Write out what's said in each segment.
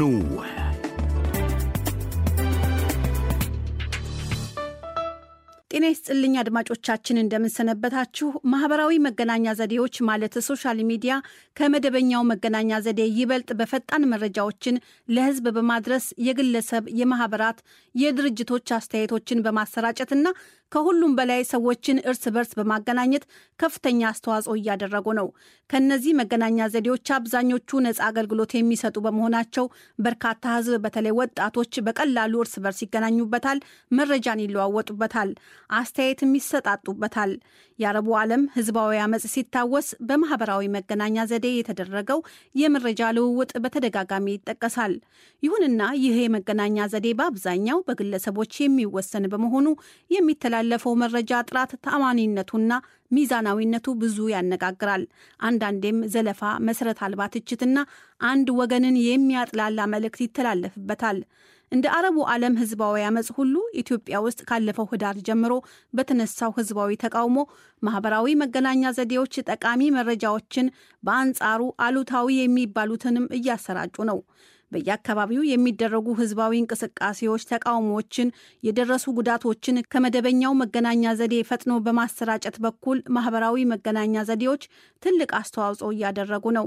nowhere. ጤና ይስጥልኝ አድማጮቻችን፣ እንደምንሰነበታችሁ። ማህበራዊ መገናኛ ዘዴዎች ማለት ሶሻል ሚዲያ ከመደበኛው መገናኛ ዘዴ ይበልጥ በፈጣን መረጃዎችን ለህዝብ በማድረስ የግለሰብ የማህበራት፣ የድርጅቶች አስተያየቶችን በማሰራጨትና ከሁሉም በላይ ሰዎችን እርስ በርስ በማገናኘት ከፍተኛ አስተዋጽኦ እያደረጉ ነው። ከእነዚህ መገናኛ ዘዴዎች አብዛኞቹ ነፃ አገልግሎት የሚሰጡ በመሆናቸው በርካታ ሕዝብ በተለይ ወጣቶች በቀላሉ እርስ በርስ ይገናኙበታል፣ መረጃን ይለዋወጡበታል፣ አስተያየትም ይሰጣጡበታል። የአረቡ ዓለም ሕዝባዊ አመፅ ሲታወስ በማህበራዊ መገናኛ ዘዴ የተደረገው የመረጃ ልውውጥ በተደጋጋሚ ይጠቀሳል። ይሁንና ይህ የመገናኛ ዘዴ በአብዛኛው በግለሰቦች የሚወሰን በመሆኑ የሚተላ የሚተላለፈው መረጃ ጥራት ተአማኒነቱና ሚዛናዊነቱ ብዙ ያነጋግራል። አንዳንዴም ዘለፋ፣ መሰረት አልባ ትችትና አንድ ወገንን የሚያጥላላ መልእክት ይተላለፍበታል። እንደ አረቡ ዓለም ህዝባዊ አመፅ ሁሉ ኢትዮጵያ ውስጥ ካለፈው ህዳር ጀምሮ በተነሳው ህዝባዊ ተቃውሞ ማህበራዊ መገናኛ ዘዴዎች ጠቃሚ መረጃዎችን፣ በአንጻሩ አሉታዊ የሚባሉትንም እያሰራጩ ነው። በየአካባቢው የሚደረጉ ህዝባዊ እንቅስቃሴዎች ተቃውሞዎችን፣ የደረሱ ጉዳቶችን ከመደበኛው መገናኛ ዘዴ ፈጥኖ በማሰራጨት በኩል ማህበራዊ መገናኛ ዘዴዎች ትልቅ አስተዋጽኦ እያደረጉ ነው።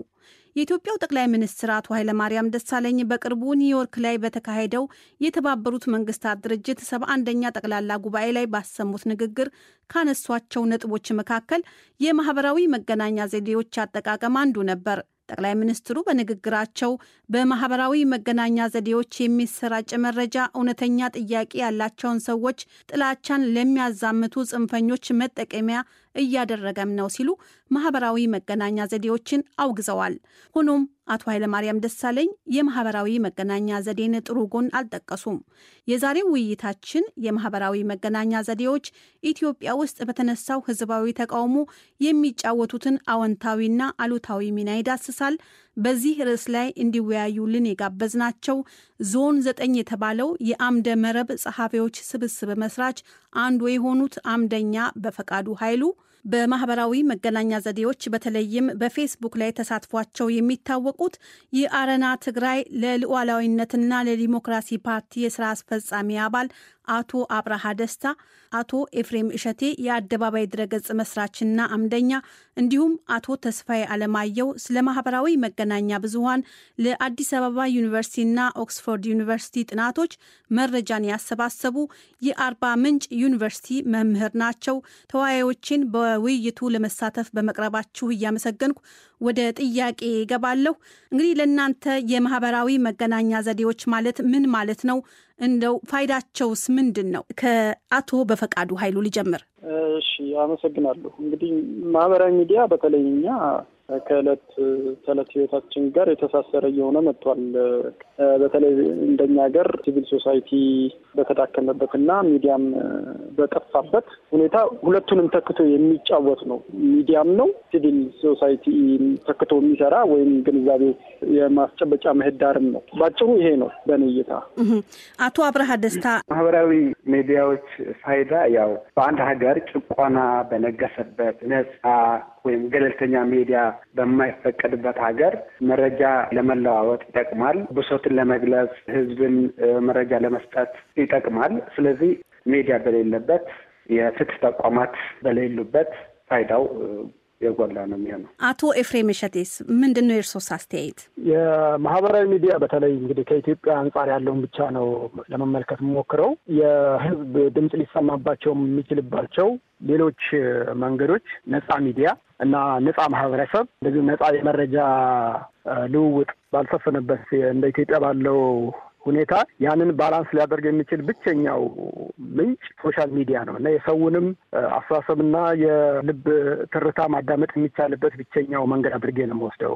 የኢትዮጵያው ጠቅላይ ሚኒስትር አቶ ኃይለማርያም ደሳለኝ በቅርቡ ኒውዮርክ ላይ በተካሄደው የተባበሩት መንግስታት ድርጅት ሰባ አንደኛ ጠቅላላ ጉባኤ ላይ ባሰሙት ንግግር ካነሷቸው ነጥቦች መካከል የማህበራዊ መገናኛ ዘዴዎች አጠቃቀም አንዱ ነበር። ጠቅላይ ሚኒስትሩ በንግግራቸው በማህበራዊ መገናኛ ዘዴዎች የሚሰራጭ መረጃ እውነተኛ ጥያቄ ያላቸውን ሰዎች ጥላቻን ለሚያዛምቱ ጽንፈኞች መጠቀሚያ እያደረገም ነው ሲሉ ማህበራዊ መገናኛ ዘዴዎችን አውግዘዋል። ሆኖም አቶ ኃይለማርያም ደሳለኝ የማህበራዊ መገናኛ ዘዴን ጥሩ ጎን አልጠቀሱም። የዛሬው ውይይታችን የማህበራዊ መገናኛ ዘዴዎች ኢትዮጵያ ውስጥ በተነሳው ህዝባዊ ተቃውሞ የሚጫወቱትን አዎንታዊና አሉታዊ ሚና ይዳስሳል። በዚህ ርዕስ ላይ እንዲወያዩልን የጋበዝናቸው ዞን ዘጠኝ የተባለው የአምደ መረብ ጸሐፊዎች ስብስብ መስራች አንዱ የሆኑት አምደኛ በፈቃዱ ኃይሉ በማህበራዊ መገናኛ ዘዴዎች በተለይም በፌስቡክ ላይ ተሳትፏቸው የሚታወቁት የአረና ትግራይ ለሉዓላዊነትና ለዲሞክራሲ ፓርቲ የስራ አስፈጻሚ አባል አቶ አብርሃ ደስታ፣ አቶ ኤፍሬም እሸቴ የአደባባይ ድረገጽ መስራችና አምደኛ እንዲሁም አቶ ተስፋዬ አለማየሁ ስለ ማህበራዊ መገናኛ ብዙሀን ለአዲስ አበባ ዩኒቨርሲቲና ኦክስፎርድ ዩኒቨርሲቲ ጥናቶች መረጃን ያሰባሰቡ የአርባ ምንጭ ዩኒቨርሲቲ መምህር ናቸው። ተወያዮችን በውይይቱ ለመሳተፍ በመቅረባችሁ እያመሰገንኩ ወደ ጥያቄ ይገባለሁ እንግዲህ ለእናንተ የማህበራዊ መገናኛ ዘዴዎች ማለት ምን ማለት ነው? እንደው ፋይዳቸውስ ምንድን ነው? ከአቶ በፈቃዱ ኃይሉ ሊጀምር። እሺ፣ አመሰግናለሁ። እንግዲህ ማህበራዊ ሚዲያ በተለይ እኛ ከእለት ተእለት ህይወታችን ጋር የተሳሰረ እየሆነ መጥቷል። በተለይ እንደኛ ሀገር ሲቪል ሶሳይቲ በተዳከመበት እና ሚዲያም በጠፋበት ሁኔታ ሁለቱንም ተክቶ የሚጫወት ነው። ሚዲያም ነው ሲቪል ሶሳይቲ ተክቶ የሚሰራ ወይም ግንዛቤ የማስጨበጫ ምህዳርም ነው። ባጭሩ ይሄ ነው በእኔ እይታ። አቶ አብርሃ ደስታ፣ ማህበራዊ ሚዲያዎች ፋይዳ ያው በአንድ ሀገር ጭቆና በነገሰበት ነጻ ወይም ገለልተኛ ሚዲያ በማይፈቀድበት ሀገር መረጃ ለመለዋወጥ ይጠቅማል። ብሶትን ለመግለጽ፣ ህዝብን መረጃ ለመስጠት ይጠቅማል። ስለዚህ ሚዲያ በሌለበት የፍትህ ተቋማት በሌሉበት ፋይዳው የጎላ ነው የሚሆነው። አቶ ኤፍሬም እሸቴስ ምንድን ነው የእርሶስ አስተያየት? የማህበራዊ ሚዲያ በተለይ እንግዲህ ከኢትዮጵያ አንጻር ያለውን ብቻ ነው ለመመልከት የምሞክረው። የህዝብ ድምፅ ሊሰማባቸው የሚችልባቸው ሌሎች መንገዶች ነፃ ሚዲያ እና ነፃ ማህበረሰብ እንደዚሁም ነፃ የመረጃ ልውውጥ ባልሰፈነበት እንደ ኢትዮጵያ ባለው ሁኔታ ያንን ባላንስ ሊያደርግ የሚችል ብቸኛው ምንጭ ሶሻል ሚዲያ ነው እና የሰውንም አስተሳሰብና የልብ ትርታ ማዳመጥ የሚቻልበት ብቸኛው መንገድ አድርጌ ነው የምወስደው።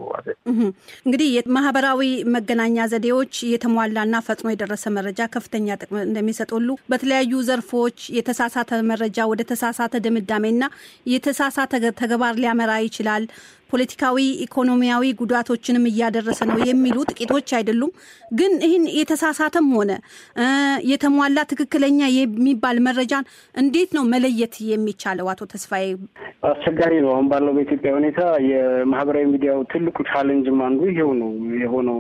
እንግዲህ የማህበራዊ መገናኛ ዘዴዎች የተሟላና ፈጥኖ የደረሰ መረጃ ከፍተኛ ጥቅም እንደሚሰጥ ሁሉ በተለያዩ ዘርፎች የተሳሳተ መረጃ ወደ ተሳሳተ ድምዳሜና የተሳሳተ ተግባር ሊያመራ ይችላል። ፖለቲካዊ፣ ኢኮኖሚያዊ ጉዳቶችንም እያደረሰ ነው የሚሉ ጥቂቶች አይደሉም። ግን ይህን የተሳሳተም ሆነ የተሟላ ትክክለኛ የሚባል መረጃን እንዴት ነው መለየት የሚቻለው? አቶ ተስፋዬ፣ አስቸጋሪ ነው። አሁን ባለው በኢትዮጵያ ሁኔታ የማህበራዊ ሚዲያው ትልቁ ቻለንጅም አንዱ ይሄው ነው የሆነው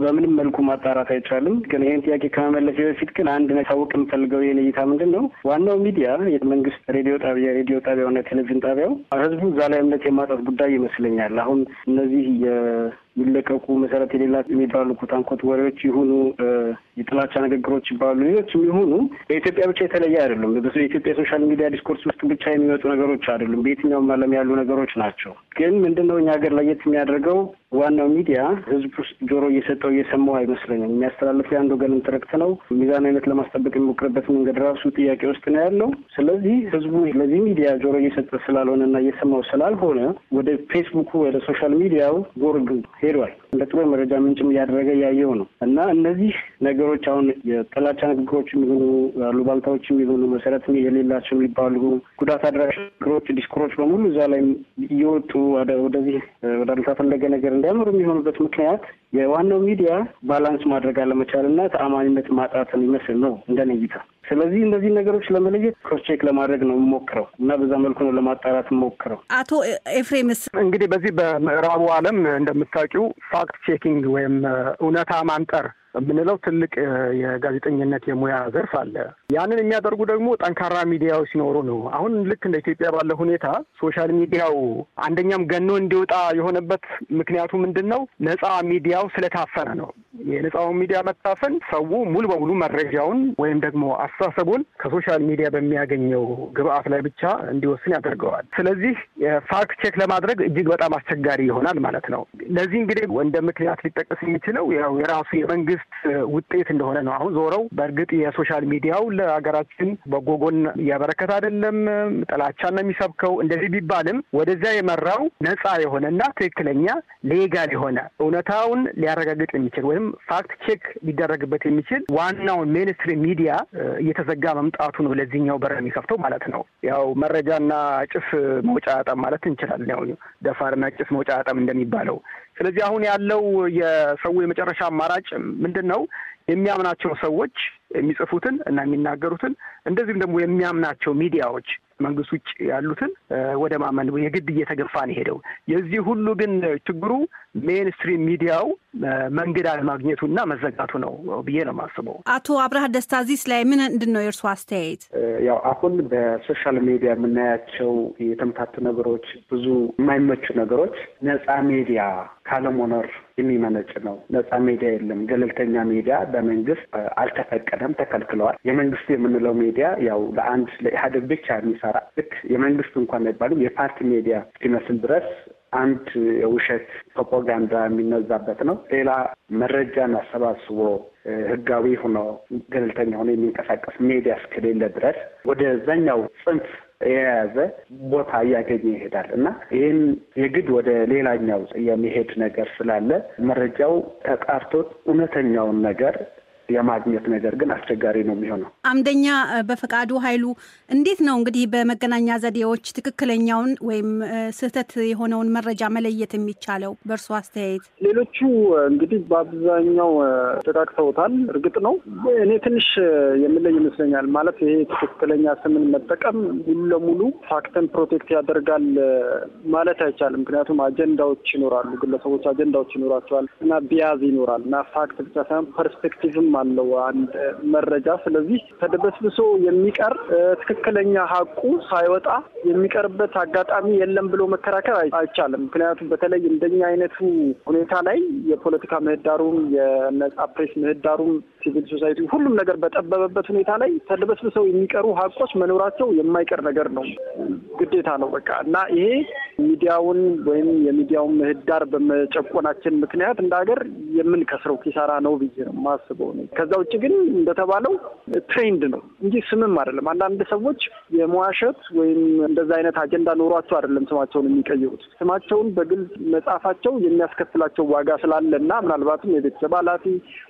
በምንም መልኩ ማጣራት አይቻልም። ግን ይህን ጥያቄ ከመመለሴ በፊት ግን አንድ ሳውቅ የምፈልገው ይህን እይታ ምንድን ነው? ዋናው ሚዲያ የመንግስት ሬዲዮ ጣቢያ ሬዲዮ ጣቢያውና ቴሌቪዥን ጣቢያው ህዝቡ እዛ ላይ እምነት የማጣት ጉዳይ ይመስለኛል። አሁን እነዚህ ይለቀቁ መሰረት የሌላ የሚባሉ ኮታንኮት ወሬዎች ይሁኑ የጥላቻ ንግግሮች ይባሉ ሌሎችም ይሁኑ በኢትዮጵያ ብቻ የተለየ አይደሉም። በኢትዮጵያ ሶሻል ሚዲያ ዲስኮርስ ውስጥ ብቻ የሚመጡ ነገሮች አይደሉም። በየትኛውም ዓለም ያሉ ነገሮች ናቸው። ግን ምንድነው እኛ ሀገር ለየት የሚያደርገው ዋናው ሚዲያ ህዝብ ውስጥ ጆሮ እየሰጠው እየሰማው አይመስለኝም። የሚያስተላልፈው የአንድ ወገንም ትርክት ነው። ሚዛናዊነት ለማስጠበቅ የሚሞክርበት መንገድ ራሱ ጥያቄ ውስጥ ነው ያለው። ስለዚህ ህዝቡ ለዚህ ሚዲያ ጆሮ እየሰጠ ስላልሆነ እና እየሰማው ስላልሆነ ወደ ፌስቡኩ ወደ ሶሻል ሚዲያው ጎርግ Hero እንደ ጥሩ መረጃ ምንጭም እያደረገ እያየው ነው እና እነዚህ ነገሮች አሁን የጥላቻ ንግግሮች የሚሆኑ አሉባልታዎች የሚሆኑ መሰረት የሌላቸው የሚባሉ ጉዳት አድራሽ ነገሮች፣ ዲስኩሮች በሙሉ እዛ ላይ እየወጡ ወደዚህ ወደ ነገር እንዲያምሩ የሚሆኑበት ምክንያት የዋናው ሚዲያ ባላንስ ማድረግ አለመቻልና ተአማኝነት ማጣትን ይመስል ነው እንደኔ እይታ። ስለዚህ እነዚህ ነገሮች ለመለየት ክሮስቼክ ለማድረግ ነው የምሞክረው እና በዛ መልኩ ነው ለማጣራት የምሞክረው። አቶ ኤፍሬምስ እንግዲህ በዚህ በምዕራቡ ዓለም እንደምታውቂው ፋክት ቼኪንግ ወይም እውነታ ማንጠር የምንለው ትልቅ የጋዜጠኝነት የሙያ ዘርፍ አለ። ያንን የሚያደርጉ ደግሞ ጠንካራ ሚዲያው ሲኖሩ ነው። አሁን ልክ እንደ ኢትዮጵያ ባለ ሁኔታ ሶሻል ሚዲያው አንደኛም ገኖ እንዲወጣ የሆነበት ምክንያቱ ምንድን ነው? ነፃ ሚዲያው ስለታፈነ ነው። የነጻውን ሚዲያ መታፈን ሰው ሙሉ በሙሉ መረጃውን ወይም ደግሞ አስተሳሰቡን ከሶሻል ሚዲያ በሚያገኘው ግብአት ላይ ብቻ እንዲወስን ያደርገዋል። ስለዚህ ፋክት ቼክ ለማድረግ እጅግ በጣም አስቸጋሪ ይሆናል ማለት ነው። ለዚህ እንግዲህ እንደ ምክንያት ሊጠቀስ የሚችለው ያው የራሱ የመንግስት ውጤት እንደሆነ ነው። አሁን ዞረው በእርግጥ የሶሻል ሚዲያው ለሀገራችን በጎ ጎን እያበረከተ አይደለም፣ ጥላቻ ነው የሚሰብከው። እንደዚህ ቢባልም ወደዚያ የመራው ነጻ የሆነና ትክክለኛ ሌጋል የሆነ እውነታውን ሊያረጋግጥ የሚችል ወይም ወይም ፋክት ቼክ ሊደረግበት የሚችል ዋናውን ሜንስትሪ ሚዲያ እየተዘጋ መምጣቱ ነው ለዚህኛው በር የሚከፍተው ማለት ነው። ያው መረጃና ጭስ መውጫ ጠም ማለት እንችላለን። ያው ደፋርና ጭስ መውጫ ጠም እንደሚባለው። ስለዚህ አሁን ያለው የሰው የመጨረሻ አማራጭ ምንድን ነው? የሚያምናቸው ሰዎች የሚጽፉትን እና የሚናገሩትን እንደዚሁም ደግሞ የሚያምናቸው ሚዲያዎች መንግስት ውጭ ያሉትን ወደ ማመን የግድ እየተገፋ ነው ሄደው። የዚህ ሁሉ ግን ችግሩ ሜንስትሪም ሚዲያው መንገድ እና መዘጋቱ ነው ብዬ ነው የማስበው። አቶ አብርሃ ደስታ ዚስ ላይ ምን ምንድን ነው የእርስዎ አስተያየት? ያው አሁን በሶሻል ሚዲያ የምናያቸው የተምታቱ ነገሮች፣ ብዙ የማይመቹ ነገሮች ነፃ ሚዲያ ካለመኖር የሚመነጭ ነው። ነፃ ሚዲያ የለም። ገለልተኛ ሚዲያ በመንግስት አልተፈቀደም፣ ተከልክለዋል። የመንግስቱ የምንለው ሚዲያ ያው ለአንድ ለኢህአዴግ ብቻ የሚሰራ ልክ የመንግስቱ እንኳን አይባልም የፓርቲ ሚዲያ ሲመስል ድረስ አንድ የውሸት ፕሮፓጋንዳ የሚነዛበት ነው። ሌላ መረጃን አሰባስቦ ህጋዊ ሆኖ ገለልተኛ ሆኖ የሚንቀሳቀስ ሚዲያ እስከሌለ ድረስ ወደዛኛው ጽንፍ የያዘ ቦታ እያገኘ ይሄዳል እና ይህን የግድ ወደ ሌላኛው የሚሄድ ነገር ስላለ መረጃው ተጣርቶ እውነተኛውን ነገር የማግኘት ነገር ግን አስቸጋሪ ነው የሚሆነው። አምደኛ በፈቃዱ ኃይሉ እንዴት ነው እንግዲህ በመገናኛ ዘዴዎች ትክክለኛውን ወይም ስህተት የሆነውን መረጃ መለየት የሚቻለው በእርሶ አስተያየት? ሌሎቹ እንግዲህ በአብዛኛው ጠቃቅተውታል። እርግጥ ነው እኔ ትንሽ የምለይ ይመስለኛል። ማለት ይሄ ትክክለኛ ስምን መጠቀም ሙሉ ለሙሉ ፋክትን ፕሮቴክት ያደርጋል ማለት አይቻልም። ምክንያቱም አጀንዳዎች ይኖራሉ፣ ግለሰቦች አጀንዳዎች ይኖራቸዋል እና ቢያዝ ይኖራል እና ፋክት ብቻ ሳይሆን ፐርስፔክቲቭም አለው አንድ መረጃ። ስለዚህ ተደበስብሶ የሚቀር ትክክለኛ ሀቁ ሳይወጣ የሚቀርበት አጋጣሚ የለም ብሎ መከራከር አይቻልም። ምክንያቱም በተለይ እንደኛ አይነቱ ሁኔታ ላይ የፖለቲካ ምህዳሩም የነጻ ፕሬስ ምህዳሩም ሲቪል ሶሳይቲ ሁሉም ነገር በጠበበበት ሁኔታ ላይ ተደበስብሰው የሚቀሩ ሀቆች መኖራቸው የማይቀር ነገር ነው፣ ግዴታ ነው በቃ እና ይሄ ሚዲያውን ወይም የሚዲያውን ምህዳር በመጨቆናችን ምክንያት እንደ ሀገር የምንከስረው ኪሳራ ነው ብዬ ነው ነው። ከዛ ውጭ ግን እንደተባለው ትሬንድ ነው እንጂ ስምም አይደለም። አንዳንድ ሰዎች የመዋሸት ወይም እንደዛ አይነት አጀንዳ ኖሯቸው አይደለም ስማቸውን የሚቀይሩት ስማቸውን በግልጽ መጻፋቸው የሚያስከፍላቸው ዋጋ ስላለ እና ምናልባትም የቤተሰብ ኃላፊ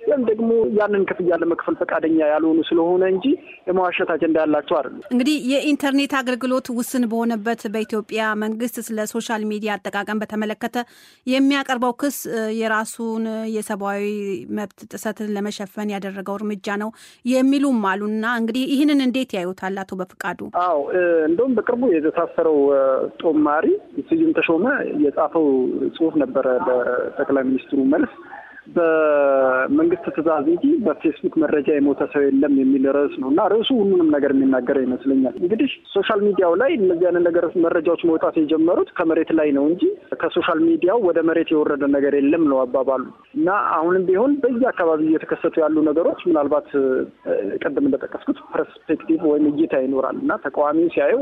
ወይም ደግሞ ያንን ይህንን ክፍያ ለመክፈል ፈቃደኛ ያልሆኑ ስለሆነ እንጂ የመዋሸት አጀንዳ ያላቸው አይደሉም። እንግዲህ የኢንተርኔት አገልግሎት ውስን በሆነበት በኢትዮጵያ መንግስት ስለ ሶሻል ሚዲያ አጠቃቀም በተመለከተ የሚያቀርበው ክስ የራሱን የሰብአዊ መብት ጥሰትን ለመሸፈን ያደረገው እርምጃ ነው የሚሉም አሉና እንግዲህ ይህንን እንዴት ያዩታል አቶ በፍቃዱ? አዎ እንደውም በቅርቡ የተሳሰረው ጦማሪ ስዩም ተሾመ የጻፈው ጽሁፍ ነበረ በጠቅላይ ሚኒስትሩ መልስ በመንግስት ትዕዛዝ እንጂ በፌስቡክ መረጃ የሞተ ሰው የለም የሚል ርዕስ ነው እና ርዕሱ ሁሉንም ነገር የሚናገር ይመስለኛል። እንግዲህ ሶሻል ሚዲያው ላይ እነዚህ አይነት ነገር መረጃዎች መውጣት የጀመሩት ከመሬት ላይ ነው እንጂ ከሶሻል ሚዲያው ወደ መሬት የወረደ ነገር የለም ነው አባባሉ እና አሁንም ቢሆን በዚህ አካባቢ እየተከሰቱ ያሉ ነገሮች ምናልባት ቅድም እንደጠቀስኩት ፐርስፔክቲቭ ወይም እይታ ይኖራል እና ተቃዋሚው ሲያየው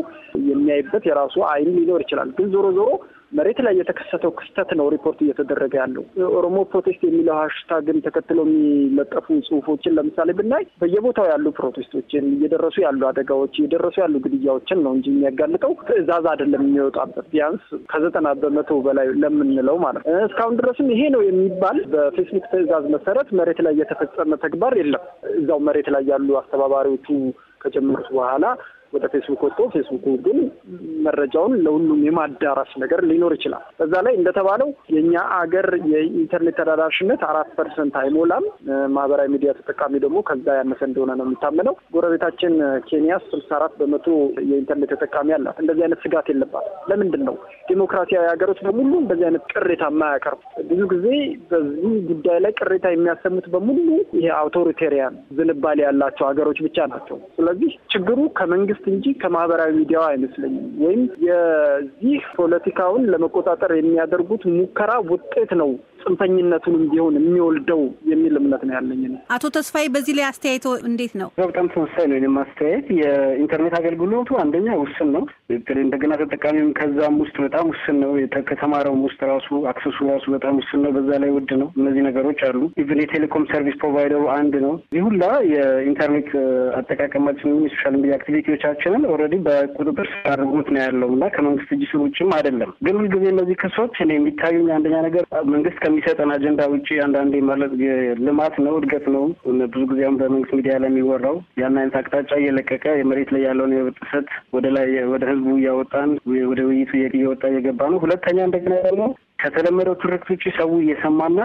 የሚያይበት የራሱ አይን ሊኖር ይችላል ግን ዞሮ ዞሮ መሬት ላይ የተከሰተው ክስተት ነው ሪፖርት እየተደረገ ያለው። ኦሮሞ ፕሮቴስት የሚለው ሀሽታግን ተከትሎ የሚለጠፉ ጽሁፎችን ለምሳሌ ብናይ በየቦታው ያሉ ፕሮቴስቶችን፣ እየደረሱ ያሉ አደጋዎች፣ እየደረሱ ያሉ ግድያዎችን ነው እንጂ የሚያጋልጠው ትዕዛዝ አይደለም የሚወጣበት ቢያንስ ከዘጠና በመቶ በላይ ለምንለው ማለት ነው። እስካሁን ድረስም ይሄ ነው የሚባል በፌስቡክ ትዕዛዝ መሰረት መሬት ላይ የተፈጸመ ተግባር የለም። እዛው መሬት ላይ ያሉ አስተባባሪዎቹ ከጀመሩት በኋላ ወደ ፌስቡክ ወጥቶ ፌስቡክ ግን መረጃውን ለሁሉም የማዳረስ ነገር ሊኖር ይችላል። በዛ ላይ እንደተባለው የእኛ አገር የኢንተርኔት ተደራሽነት አራት ፐርሰንት አይሞላም። ማህበራዊ ሚዲያ ተጠቃሚ ደግሞ ከዛ ያነሰ እንደሆነ ነው የሚታመነው። ጎረቤታችን ኬንያ ስልሳ አራት በመቶ የኢንተርኔት ተጠቃሚ አላት። እንደዚህ አይነት ስጋት የለባት። ለምንድን ነው ዲሞክራሲያዊ ሀገሮች በሙሉ እንደዚህ አይነት ቅሬታ የማያቀርቡ? ብዙ ጊዜ በዚህ ጉዳይ ላይ ቅሬታ የሚያሰሙት በሙሉ ይሄ አውቶሪቴሪያን ዝንባሌ ያላቸው ሀገሮች ብቻ ናቸው። ስለዚህ ችግሩ ከመንግስት መንግስት እንጂ ከማህበራዊ ሚዲያው አይመስለኝም። ወይም የዚህ ፖለቲካውን ለመቆጣጠር የሚያደርጉት ሙከራ ውጤት ነው ጽንፈኝነቱንም ቢሆን የሚወልደው የሚል እምነት ነው ያለኝ። አቶ ተስፋዬ በዚህ ላይ አስተያየት እንዴት ነው? በጣም ተመሳሳይ ነው የእኔም አስተያየት። የኢንተርኔት አገልግሎቱ አንደኛ ውስን ነው። እንደገና ተጠቃሚም ከዛም ውስጥ በጣም ውስን ነው። ከተማረውም ውስጥ ራሱ አክሰሱ ራሱ በጣም ውስን ነው። በዛ ላይ ውድ ነው። እነዚህ ነገሮች አሉ። ኢቭን የቴሌኮም ሰርቪስ ፕሮቫይደሩ አንድ ነው። ይህ ሁላ የኢንተርኔት አጠቃቀማችን የሶሻል ሚዲያ አክቲቪቲዎቻችንን ኦልሬዲ በቁጥጥር ስር አድርጎት ነው ያለው እና ከመንግስት እጅ ስር ውጭም አይደለም። ግን ሁልጊዜ እነዚህ ክሶች እኔ የሚታዩኝ አንደኛ ነገር መንግስት ከሚሰጠን አጀንዳ ውጭ አንዳንዴ ማለት ልማት ነው እድገት ነው ብዙ ጊዜም በመንግስት ሚዲያ ላይ የሚወራው ያን አይነት አቅጣጫ እየለቀቀ የመሬት ላይ ያለውን የመብት ጥሰት ወደ ላይ ወደ ህዝቡ እያወጣን ወደ ውይይቱ እየወጣ እየገባ ነው። ሁለተኛ እንደገና ደግሞ ከተለመደው ትርክቶች ሰው እየሰማና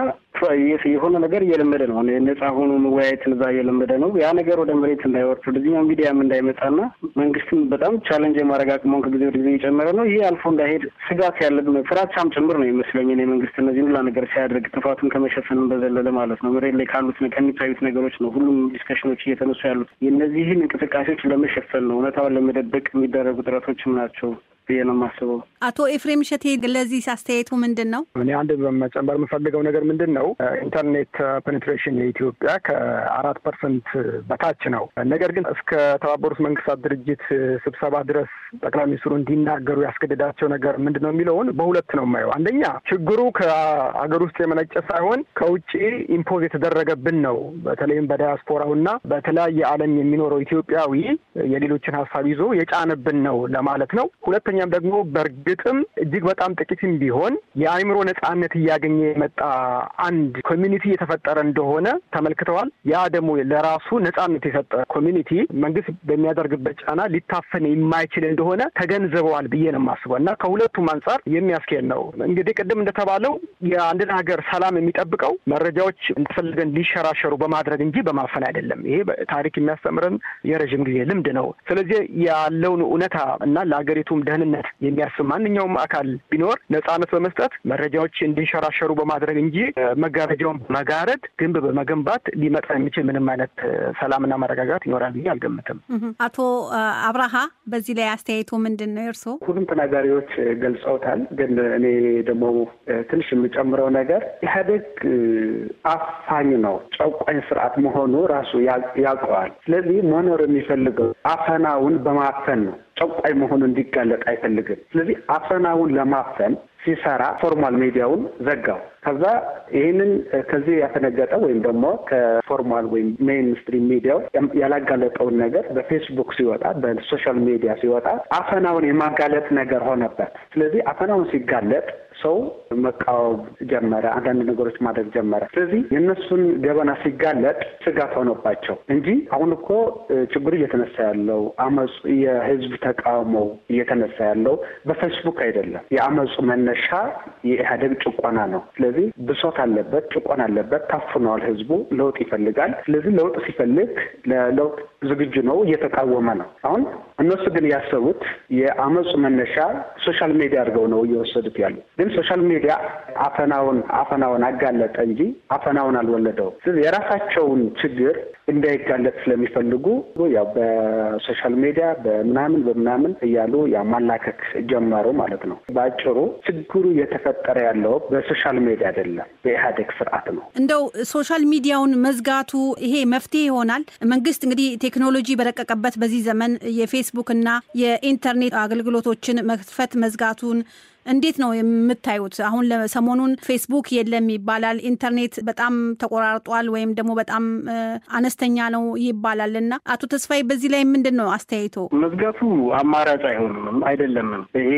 የሆነ ነገር እየለመደ ነው። አሁን ነጻ ሆኖ መወያየትን እዛ እየለመደ ነው። ያ ነገር ወደ መሬት እንዳይወርድ ወደዚህኛው ሚዲያም እንዳይመጣና መንግስትም በጣም ቻለንጅ የማድረግ አቅሙን ከጊዜ ወደ ጊዜ እየጨመረ ነው። ይህ አልፎ እንዳይሄድ ስጋት ያለብ ነው። ፍራቻም ጭምር ነው ይመስለኝ እኔ መንግስት እነዚህ ሁላ ነገር ሲያደርግ ጥፋቱን ከመሸፈንም በዘለለ ማለት ነው። መሬት ላይ ካሉት ከሚታዩት ነገሮች ነው ሁሉም ዲስከሽኖች እየተነሱ ያሉት የእነዚህን እንቅስቃሴዎች ለመሸፈን ነው። እውነታውን ለመደበቅ የሚደረጉ ጥረቶችም ናቸው። ብዬ ነው የማስበው። አቶ ኤፍሬም ሸቴ ለዚህ አስተያየቱ ምንድን ነው? እኔ አንድ መጨመር የምፈልገው ነገር ምንድን ነው ኢንተርኔት ፔኔትሬሽን የኢትዮጵያ ከአራት ፐርሰንት በታች ነው። ነገር ግን እስከ ተባበሩት መንግስታት ድርጅት ስብሰባ ድረስ ጠቅላይ ሚኒስትሩ እንዲናገሩ ያስገደዳቸው ነገር ምንድን ነው የሚለውን በሁለት ነው የማየው። አንደኛ ችግሩ ከአገር ውስጥ የመነጨ ሳይሆን ከውጭ ኢምፖዝ የተደረገብን ነው። በተለይም በዳያስፖራው እና በተለያየ ዓለም የሚኖረው ኢትዮጵያዊ የሌሎችን ሀሳብ ይዞ የጫነብን ነው ለማለት ነው። ሁለተኛ ሁለተኛም ደግሞ በእርግጥም እጅግ በጣም ጥቂትም ቢሆን የአእምሮ ነጻነት እያገኘ የመጣ አንድ ኮሚኒቲ የተፈጠረ እንደሆነ ተመልክተዋል። ያ ደግሞ ለራሱ ነጻነት የሰጠ ኮሚኒቲ መንግስት በሚያደርግበት ጫና ሊታፈን የማይችል እንደሆነ ተገንዝበዋል ብዬ ነው የማስበው እና ከሁለቱም አንጻር የሚያስኬድ ነው። እንግዲህ ቅድም እንደተባለው የአንድን ሀገር ሰላም የሚጠብቀው መረጃዎች እንደፈለገን ሊሸራሸሩ በማድረግ እንጂ በማፈን አይደለም። ይሄ ታሪክ የሚያስተምረን የረዥም ጊዜ ልምድ ነው። ስለዚህ ያለውን እውነታ እና ለሀገሪቱም ደህን ደህንነት የሚያስብ ማንኛውም አካል ቢኖር ነጻነት በመስጠት መረጃዎች እንዲንሸራሸሩ በማድረግ እንጂ መጋረጃውን በመጋረድ ግንብ በመገንባት ሊመጣ የሚችል ምንም አይነት ሰላምና መረጋጋት ይኖራል ብዬ አልገምትም። አቶ አብርሃ በዚህ ላይ አስተያየቱ ምንድን ነው? እርስዎ ሁሉም ተናጋሪዎች ገልጸውታል። ግን እኔ ደግሞ ትንሽ የምጨምረው ነገር ኢህአዴግ አፋኝ ነው፣ ጨቋኝ ስርዓት መሆኑ ራሱ ያውቀዋል። ስለዚህ መኖር የሚፈልገው አፈናውን በማፈን ነው። ጨቋኝ መሆኑ እንዲጋለጥ አይፈልግም። ስለዚህ አፈናውን ለማፈን ሲሰራ ፎርማል ሚዲያውን ዘጋው። ከዛ ይህንን ከዚህ ያፈነገጠ ወይም ደግሞ ከፎርማል ወይም ሜይን ስትሪም ሚዲያው ያላጋለጠውን ነገር በፌስቡክ ሲወጣ፣ በሶሻል ሚዲያ ሲወጣ አፈናውን የማጋለጥ ነገር ሆነበት። ስለዚህ አፈናውን ሲጋለጥ ሰው መቃወም ጀመረ። አንዳንድ ነገሮች ማድረግ ጀመረ። ስለዚህ የእነሱን ገበና ሲጋለጥ ስጋት ሆኖባቸው እንጂ አሁን እኮ ችግሩ እየተነሳ ያለው አመፁ፣ የህዝብ ተቃውሞ እየተነሳ ያለው በፌስቡክ አይደለም። የአመፁ መነሻ መጨረሻ የኢህአደግ ጭቆና ነው። ስለዚህ ብሶት አለበት፣ ጭቆና አለበት፣ ታፍነዋል። ህዝቡ ለውጥ ይፈልጋል። ስለዚህ ለውጥ ሲፈልግ ለለውጥ ዝግጁ ነው፣ እየተቃወመ ነው። አሁን እነሱ ግን ያሰቡት የአመፁ መነሻ ሶሻል ሚዲያ አድርገው ነው እየወሰዱት ያሉ። ግን ሶሻል ሚዲያ አፈናውን አፈናውን አጋለጠ እንጂ አፈናውን አልወለደው። ስለዚህ የራሳቸውን ችግር እንዳይጋለጥ ስለሚፈልጉ ያው በሶሻል ሚዲያ በምናምን በምናምን እያሉ ያው ማላከክ ጀመሩ ማለት ነው። በአጭሩ ችግሩ እየተፈጠረ ያለው በሶሻል ሚዲያ አይደለም፣ በኢህአዴግ ስርዓት ነው። እንደው ሶሻል ሚዲያውን መዝጋቱ ይሄ መፍትሄ ይሆናል? መንግስት እንግዲህ ቴክኖሎጂ በረቀቀበት በዚህ ዘመን የፌስቡክ እና የኢንተርኔት አገልግሎቶችን መክፈት መዝጋቱን እንዴት ነው የምታዩት? አሁን ሰሞኑን ፌስቡክ የለም ይባላል፣ ኢንተርኔት በጣም ተቆራርጧል ወይም ደግሞ በጣም አነስተኛ ነው ይባላል እና አቶ ተስፋዬ በዚህ ላይ ምንድን ነው አስተያየቶ? መዝጋቱ አማራጭ አይሆንም አይደለም። ይሄ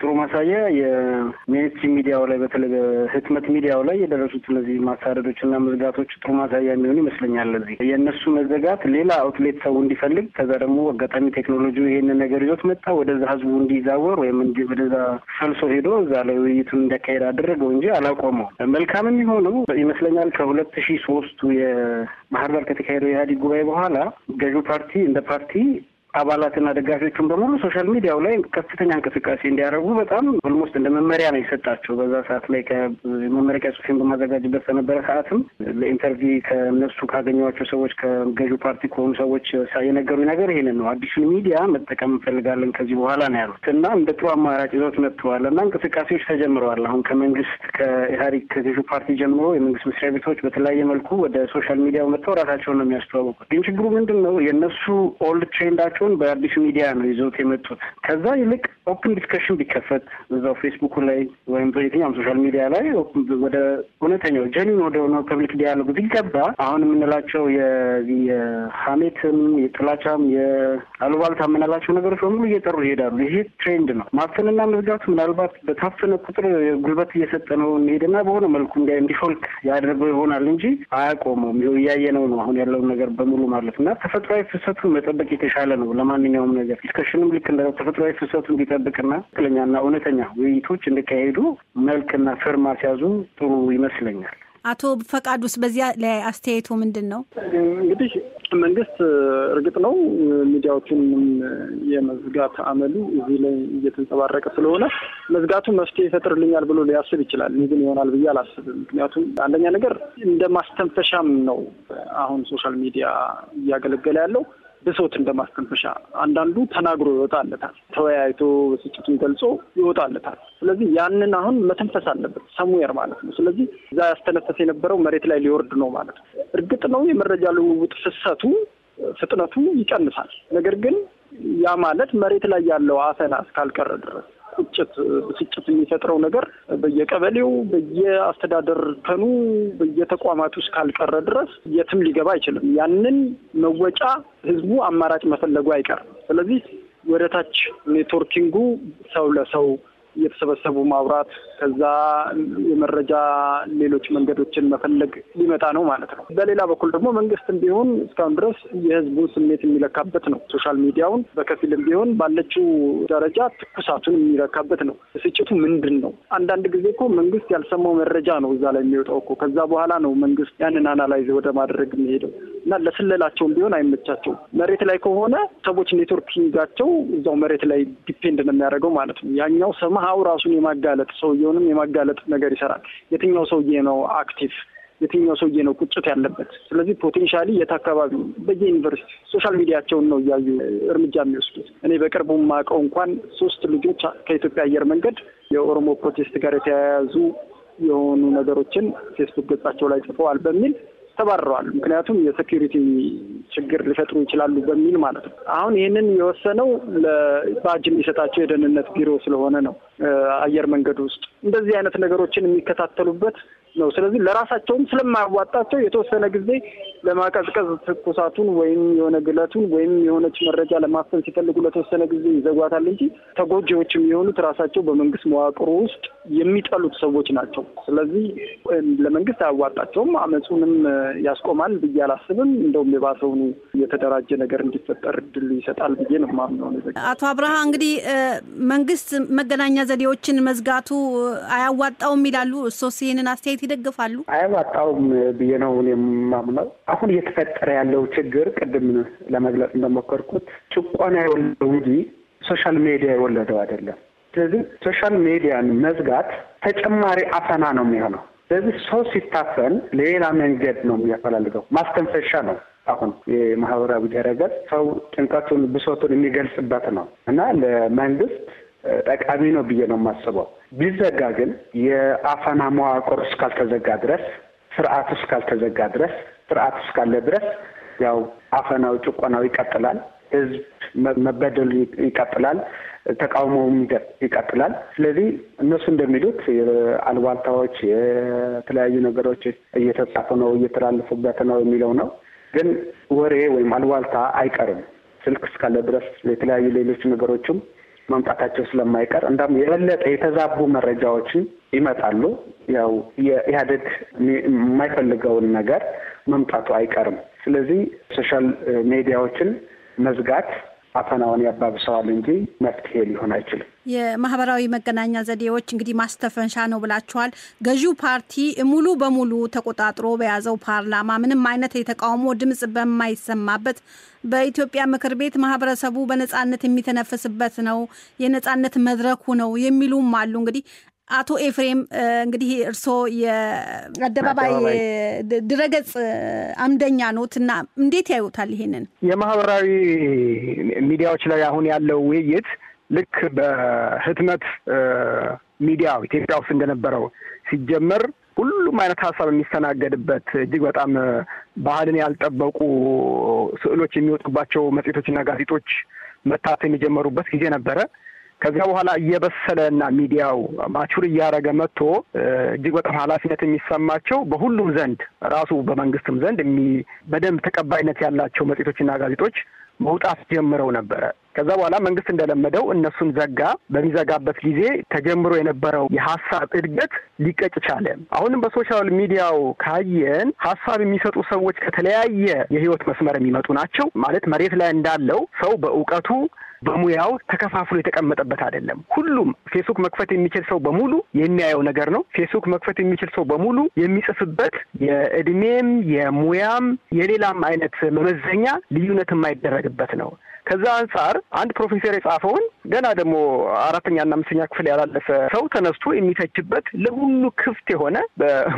ጥሩ ማሳያ የሜንስትሪም ሚዲያው ላይ በተለይ በህትመት ሚዲያው ላይ የደረሱት እነዚህ ማሳደዶች እና መዝጋቶች ጥሩ ማሳያ የሚሆኑ ይመስለኛል። ለዚህ የእነሱ መዘጋት ሌላ አውትሌት ሰው እንዲፈልግ ከዛ ደግሞ አጋጣሚ ቴክኖሎጂ ይሄንን ነገር ይዞት መጣ ወደዛ ህዝቡ እንዲዛወር ወይም ወደዛ አልፎ ሄዶ እዛ ላይ ውይይቱን እንዲያካሄድ አደረገው እንጂ አላቆመው። መልካም የሚሆነው ይመስለኛል ከሁለት ሺ ሶስቱ የባህር ዳር ከተካሄደው የኢህአዴግ ጉባኤ በኋላ ገዢው ፓርቲ እንደ ፓርቲ አባላትና ደጋፊዎቹን በሙሉ ሶሻል ሚዲያው ላይ ከፍተኛ እንቅስቃሴ እንዲያደርጉ በጣም ኦልሞስት እንደ መመሪያ ነው የሰጣቸው። በዛ ሰዓት ላይ መመረቂያ ጽሑፌን በማዘጋጅበት በነበረ ሰዓትም ለኢንተርቪው ከነሱ ካገኘኋቸው ሰዎች ከገዢ ፓርቲ ከሆኑ ሰዎች የነገሩኝ ነገር ይሄንን ነው። አዲሱን ሚዲያ መጠቀም እንፈልጋለን ከዚህ በኋላ ነው ያሉት እና እንደ ጥሩ አማራጭ ይዘውት መጥተዋል እና እንቅስቃሴዎች ተጀምረዋል። አሁን ከመንግስት ከኢህአዴግ ከገዢ ፓርቲ ጀምሮ የመንግስት መስሪያ ቤቶች በተለያየ መልኩ ወደ ሶሻል ሚዲያው መጥተው ራሳቸውን ነው የሚያስተዋወቁት። ግን ችግሩ ምንድን ነው? የእነሱ ኦልድ ትሬንዳቸው ሀሳባቸውን በአዲሱ ሚዲያ ነው ይዘውት የመጡት። ከዛ ይልቅ ኦፕን ዲስከሽን ቢከፈት እዛው ፌስቡኩ ላይ ወይም በየትኛውም ሶሻል ሚዲያ ላይ ወደ እውነተኛው ጀኒን ወደ ሆነ ፐብሊክ ዲያሎግ ቢገባ አሁን የምንላቸው የሀሜትም የጥላቻም የአሉባልታ የምንላቸው ነገሮች በሙሉ እየጠሩ ይሄዳሉ። ይሄ ትሬንድ ነው። ማፈንና መዝጋቱ ምናልባት በታፈነ ቁጥር ጉልበት እየሰጠ ነው እንሄድና በሆነ መልኩ እንዲ እንዲፎልክ ያደርገው ይሆናል እንጂ አያቆመውም። ይኸው እያየ ነው ነው አሁን ያለውን ነገር በሙሉ ማለት እና ተፈጥሯዊ ፍሰቱን መጠበቅ የተሻለ ነው ለማንኛውም ነገር ዲስከሽንም ልክ እንደ ተፈጥሯዊ ፍሰቱ እንዲጠብቅና ትክክለኛና እውነተኛ ውይይቶች እንዲካሄዱ መልክና ፍርማ ሲያዙ ጥሩ ይመስለኛል። አቶ ፈቃዱስ በዚያ ላይ አስተያየቱ ምንድን ነው? እንግዲህ መንግስት እርግጥ ነው ሚዲያዎቹን የመዝጋት አመሉ እዚህ ላይ እየተንጸባረቀ ስለሆነ መዝጋቱ መፍትሄ ይፈጥርልኛል ብሎ ሊያስብ ይችላል። ይህ ግን ይሆናል ብዬ አላስብም። ምክንያቱም አንደኛ ነገር እንደ ማስተንፈሻም ነው አሁን ሶሻል ሚዲያ እያገለገለ ያለው ብሶትን በማስተንፈሻ አንዳንዱ ተናግሮ ይወጣለታል፣ ተወያይቶ ብስጭቱን ገልጾ ይወጣለታል። ስለዚህ ያንን አሁን መተንፈስ አለበት ሰሙዌር ማለት ነው። ስለዚህ እዛ ያስተነፈሰ የነበረው መሬት ላይ ሊወርድ ነው ማለት ነው። እርግጥ ነው የመረጃ ልውውጥ ፍሰቱ ፍጥነቱ ይቀንሳል። ነገር ግን ያ ማለት መሬት ላይ ያለው አፈና እስካልቀረ ድረስ ቁጭት፣ ብስጭት የሚፈጥረው ነገር በየቀበሌው በየአስተዳደር ተኑ በየተቋማት ውስጥ ካልቀረ ድረስ የትም ሊገባ አይችልም። ያንን መወጫ ህዝቡ አማራጭ መፈለጉ አይቀርም። ስለዚህ ወደታች ኔትወርኪንጉ ሰው ለሰው እየተሰበሰቡ ማብራት ከዛ የመረጃ ሌሎች መንገዶችን መፈለግ ሊመጣ ነው ማለት ነው። በሌላ በኩል ደግሞ መንግስትም ቢሆን እስካሁን ድረስ የህዝቡን ስሜት የሚለካበት ነው። ሶሻል ሚዲያውን በከፊልም ቢሆን ባለችው ደረጃ ትኩሳቱን የሚለካበት ነው። ስጭቱ ምንድን ነው? አንዳንድ ጊዜ እኮ መንግስት ያልሰማው መረጃ ነው እዛ ላይ የሚወጣው እኮ። ከዛ በኋላ ነው መንግስት ያንን አናላይዝ ወደ ማድረግ የሚሄደው እና ለስለላቸውም ቢሆን አይመቻቸውም። መሬት ላይ ከሆነ ሰዎች ኔትወርኪንጋቸው እዛው መሬት ላይ ዲፔንድ ነው የሚያደርገው ማለት ነው። ያኛው ሰማ ሰምሀው ራሱን የማጋለጥ ሰውየውንም የማጋለጥ ነገር ይሰራል። የትኛው ሰውዬ ነው አክቲቭ የትኛው ሰውዬ ነው ቁጭት ያለበት? ስለዚህ ፖቴንሻሊ የት አካባቢ በየዩኒቨርሲቲ ሶሻል ሚዲያቸውን ነው እያዩ እርምጃ የሚወስዱት። እኔ በቅርቡ ማውቀው እንኳን ሶስት ልጆች ከኢትዮጵያ አየር መንገድ የኦሮሞ ፕሮቴስት ጋር የተያያዙ የሆኑ ነገሮችን ፌስቡክ ገጻቸው ላይ ጽፈዋል በሚል ተባረዋል። ምክንያቱም የሴኪሪቲ ችግር ሊፈጥሩ ይችላሉ በሚል ማለት ነው። አሁን ይህንን የወሰነው ለባጅ የሚሰጣቸው የደህንነት ቢሮ ስለሆነ ነው። አየር መንገድ ውስጥ እንደዚህ አይነት ነገሮችን የሚከታተሉበት ነው። ስለዚህ ለራሳቸውም ስለማያዋጣቸው የተወሰነ ጊዜ ለማቀዝቀዝ ትኩሳቱን ወይም የሆነ ግለቱን ወይም የሆነች መረጃ ለማፈን ሲፈልጉ ለተወሰነ ጊዜ ይዘጓታል እንጂ ተጎጂዎች የሆኑት ራሳቸው በመንግስት መዋቅሩ ውስጥ የሚጠሉት ሰዎች ናቸው። ስለዚህ ለመንግስት አያዋጣቸውም፣ አመፁንም ያስቆማል ብዬ አላስብም። እንደውም የባሰውኑ የተደራጀ ነገር እንዲፈጠር እድል ይሰጣል ብዬ ነው የማምነው። አቶ አብርሃ እንግዲህ መንግስት መገናኛ ዘዴዎችን መዝጋቱ አያዋጣውም ይላሉ። እሶስ ይህንን አስተያየት ውጤት ይደግፋሉ? አያዋጣውም ብዬ ነው እኔም የማምነው። አሁን እየተፈጠረ ያለው ችግር ቅድም ለመግለጽ እንደሞከርኩት ጭቆና የወለደው እንጂ ሶሻል ሚዲያ የወለደው አይደለም። ስለዚህ ሶሻል ሚዲያን መዝጋት ተጨማሪ አፈና ነው የሚሆነው። ስለዚህ ሰው ሲታፈን ሌላ መንገድ ነው የሚያፈላልገው፣ ማስተንፈሻ ነው። አሁን የማህበራዊ ድረገጽ ሰው ጭንቀቱን፣ ብሶቱን የሚገልጽበት ነው እና ለመንግስት ጠቃሚ ነው ብዬ ነው የማስበው። ቢዘጋ ግን የአፈና መዋቅር እስካልተዘጋ ድረስ፣ ስርዓቱ እስካልተዘጋ ድረስ፣ ስርዓቱ እስካለ ድረስ ያው አፈናው፣ ጭቆናው ይቀጥላል። ህዝብ መበደሉ ይቀጥላል። ተቃውሞውም ይቀጥላል። ስለዚህ እነሱ እንደሚሉት አልባልታዎች፣ የተለያዩ ነገሮች እየተጻፉ ነው እየተላለፉበት ነው የሚለው ነው። ግን ወሬ ወይም አልባልታ አይቀርም። ስልክ እስካለ ድረስ የተለያዩ ሌሎች ነገሮችም መምጣታቸው ስለማይቀር እንዳውም የበለጠ የተዛቡ መረጃዎችን ይመጣሉ። ያው የኢህአዴግ የማይፈልገውን ነገር መምጣቱ አይቀርም። ስለዚህ ሶሻል ሚዲያዎችን መዝጋት አፈናውን ያባብሰዋል እንጂ መፍትሄ ሊሆን አይችልም። የማህበራዊ መገናኛ ዘዴዎች እንግዲህ ማስተፈንሻ ነው ብላችኋል። ገዢው ፓርቲ ሙሉ በሙሉ ተቆጣጥሮ በያዘው ፓርላማ ምንም አይነት የተቃውሞ ድምፅ በማይሰማበት በኢትዮጵያ ምክር ቤት ማህበረሰቡ በነጻነት የሚተነፍስበት ነው፣ የነጻነት መድረኩ ነው የሚሉም አሉ። እንግዲህ አቶ ኤፍሬም እንግዲህ እርስዎ የአደባባይ ድረገጽ አምደኛ ኖት እና እንዴት ያዩታል ይሄንን የማህበራዊ ሚዲያዎች ላይ አሁን ያለው ውይይት ልክ በህትመት ሚዲያ ኢትዮጵያ ውስጥ እንደነበረው ሲጀመር ሁሉም አይነት ሀሳብ የሚስተናገድበት እጅግ በጣም ባህልን ያልጠበቁ ስዕሎች የሚወጡባቸው መጽሄቶችና ጋዜጦች መታተም የጀመሩበት ጊዜ ነበረ። ከዚያ በኋላ እየበሰለ እና ሚዲያው ማቹር እያደረገ መጥቶ እጅግ በጣም ኃላፊነት የሚሰማቸው በሁሉም ዘንድ ራሱ በመንግስትም ዘንድ በደንብ ተቀባይነት ያላቸው መጽሔቶችና ጋዜጦች መውጣት ጀምረው ነበረ። ከዛ በኋላ መንግስት እንደለመደው እነሱን ዘጋ። በሚዘጋበት ጊዜ ተጀምሮ የነበረው የሀሳብ እድገት ሊቀጭ ቻለ። አሁንም በሶሻል ሚዲያው ካየን ሀሳብ የሚሰጡ ሰዎች ከተለያየ የህይወት መስመር የሚመጡ ናቸው። ማለት መሬት ላይ እንዳለው ሰው በእውቀቱ በሙያው ተከፋፍሎ የተቀመጠበት አይደለም። ሁሉም ፌስቡክ መክፈት የሚችል ሰው በሙሉ የሚያየው ነገር ነው። ፌስቡክ መክፈት የሚችል ሰው በሙሉ የሚጽፍበት የእድሜም የሙያም የሌላም አይነት መመዘኛ ልዩነት የማይደረግበት ነው። ከዛ አንጻር አንድ ፕሮፌሰር የጻፈውን ገና ደግሞ አራተኛ እና አምስተኛ ክፍል ያላለፈ ሰው ተነስቶ የሚተችበት ለሁሉ ክፍት የሆነ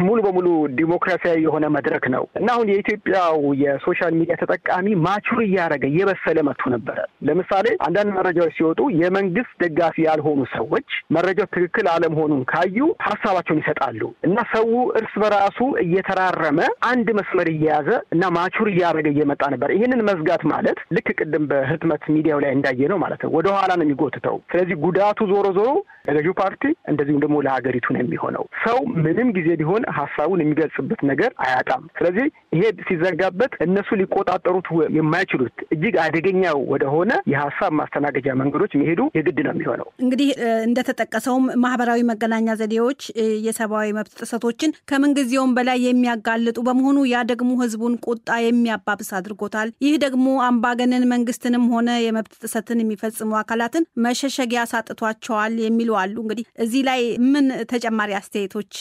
ሙሉ በሙሉ ዲሞክራሲያዊ የሆነ መድረክ ነው እና አሁን የኢትዮጵያው የሶሻል ሚዲያ ተጠቃሚ ማቹር እያደረገ እየበሰለ መጥቶ ነበረ። ለምሳሌ አንዳንድ መረጃዎች ሲወጡ የመንግስት ደጋፊ ያልሆኑ ሰዎች መረጃው ትክክል አለመሆኑን ካዩ ሀሳባቸውን ይሰጣሉ እና ሰው እርስ በራሱ እየተራረመ አንድ መስመር እየያዘ እና ማቹር እያደረገ እየመጣ ነበር። ይህንን መዝጋት ማለት ልክ ቅድም በህ በህትመት ሚዲያው ላይ እንዳየ ነው ማለት ነው። ወደኋላ ነው የሚጎትተው። ስለዚህ ጉዳቱ ዞሮ ዞሮ ለገዢው ፓርቲ እንደዚሁም ደግሞ ለሀገሪቱ ነው የሚሆነው። ሰው ምንም ጊዜ ቢሆን ሀሳቡን የሚገልጽበት ነገር አያጣም። ስለዚህ ይሄ ሲዘጋበት እነሱ ሊቆጣጠሩት የማይችሉት እጅግ አደገኛው ወደሆነ የሀሳብ ማስተናገጃ መንገዶች መሄዱ የግድ ነው የሚሆነው። እንግዲህ እንደተጠቀሰውም ማህበራዊ መገናኛ ዘዴዎች የሰብአዊ መብት ጥሰቶችን ከምንጊዜውም በላይ የሚያጋልጡ በመሆኑ ያ ደግሞ ህዝቡን ቁጣ የሚያባብስ አድርጎታል። ይህ ደግሞ አምባገነን መንግስትንም ሆነ የመብት ጥሰትን የሚፈጽሙ አካላትን መሸሸጊያ ሳጥቷቸዋል የሚሉ አሉ። እንግዲህ እዚህ ላይ ምን ተጨማሪ አስተያየቶች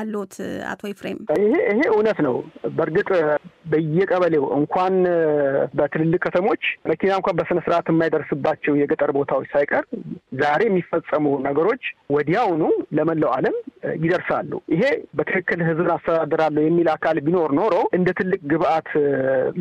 አሉት አቶ ይፍሬም? ይሄ እውነት ነው። በእርግጥ በየቀበሌው እንኳን በትልልቅ ከተሞች መኪና እንኳን በስነ ስርዓት የማይደርስባቸው የገጠር ቦታዎች ሳይቀር ዛሬ የሚፈጸሙ ነገሮች ወዲያውኑ ለመላው ዓለም ይደርሳሉ። ይሄ በትክክል ህዝብን አስተዳድራለሁ የሚል አካል ቢኖር ኖሮ እንደ ትልቅ ግብአት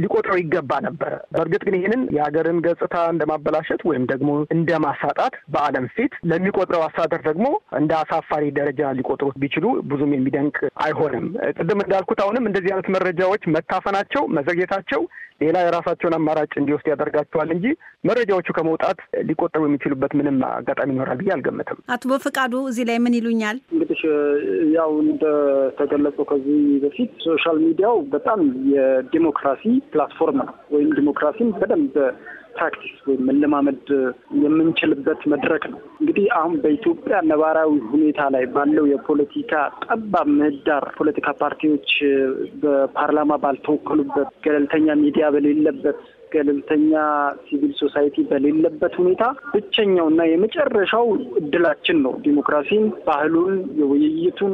ሊቆጥረው ይገባ ነበረ። በእርግጥ ግን ይህንን የሀገርን ገጽታ እንደማበላሸት ወይም ደግሞ እንደ ማሳጣት በዓለም ፊት ለሚቆጥረው አስተዳደር ደግሞ እንደ አሳፋሪ ደረጃ ሊቆጥሩት ቢችሉ ብዙም የሚደንቅ አይሆንም። ቅድም እንዳልኩት አሁንም እንደዚህ አይነት መረጃዎች መታፈና መጫናቸው መዘግየታቸው ሌላ የራሳቸውን አማራጭ እንዲወስድ ያደርጋቸዋል እንጂ መረጃዎቹ ከመውጣት ሊቆጠሩ የሚችሉበት ምንም አጋጣሚ ይኖራል ብዬ አልገምትም። አቶ በፈቃዱ እዚህ ላይ ምን ይሉኛል? እንግዲህ ያው እንደተገለጸው ከዚህ በፊት ሶሻል ሚዲያው በጣም የዲሞክራሲ ፕላትፎርም ነው ወይም ዲሞክራሲን በደንብ ፕራክቲስ ወይም መለማመድ የምንችልበት መድረክ ነው። እንግዲህ አሁን በኢትዮጵያ ነባራዊ ሁኔታ ላይ ባለው የፖለቲካ ጠባብ ምህዳር ፖለቲካ ፓርቲዎች በፓርላማ ባልተወከሉበት፣ ገለልተኛ ሚዲያ በሌለበት ገለልተኛ ሲቪል ሶሳይቲ በሌለበት ሁኔታ ብቸኛውና የመጨረሻው እድላችን ነው። ዲሞክራሲን፣ ባህሉን፣ የውይይቱን፣